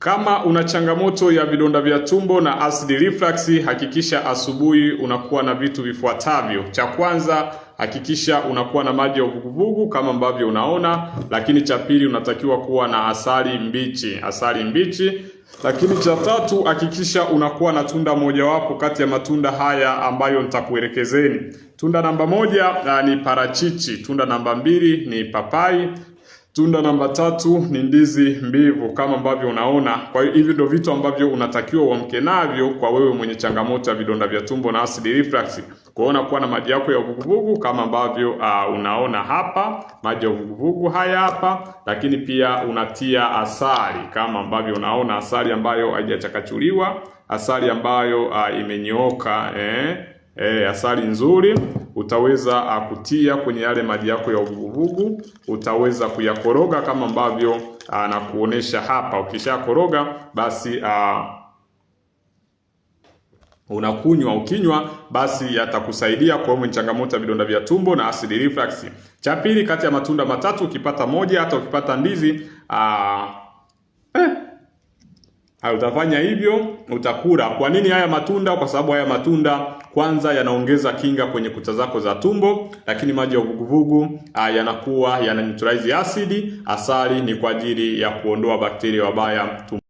Kama una changamoto ya vidonda vya tumbo na acid reflux, hakikisha asubuhi unakuwa na vitu vifuatavyo. Cha kwanza, hakikisha unakuwa na maji ya uvuguvugu kama ambavyo unaona, lakini cha pili, unatakiwa kuwa na asali mbichi, asali mbichi. Lakini cha tatu, hakikisha unakuwa na tunda mojawapo kati ya matunda haya ambayo nitakuelekezeni. Tunda namba moja ah, ni parachichi, tunda namba mbili ni papai, Tunda namba tatu ni ndizi mbivu kama ambavyo unaona. Kwa hiyo hivi ndio vitu ambavyo unatakiwa uamke navyo kwa wewe mwenye changamoto ya vidonda vya tumbo na acid reflux. Kuona kuwa na maji yako ya uvuguvugu kama ambavyo uh, unaona hapa, maji ya uvuguvugu haya hapa, lakini pia unatia asali kama ambavyo unaona, asali ambayo haijachakachuliwa, asali ambayo uh, imenyooka eh, eh, asali nzuri utaweza ah, kutia kwenye yale maji yako ya uvuguvugu, utaweza kuyakoroga kama ambavyo ah, na kuonesha hapa. Ukishakoroga basi uh, unakunywa ukinywa, basi yatakusaidia kwa changamoto ya vidonda vya tumbo na acid reflux. Cha pili, kati ya matunda matatu ukipata moja, hata ukipata ndizi aa, Hayo utafanya hivyo utakula. Kwa nini haya matunda? Kwa sababu haya matunda kwanza yanaongeza kinga kwenye kuta zako za tumbo, lakini maji ya uvuguvugu ah, yanakuwa yana neutralize asidi. Asali ni kwa ajili ya kuondoa bakteria wabaya tumbo.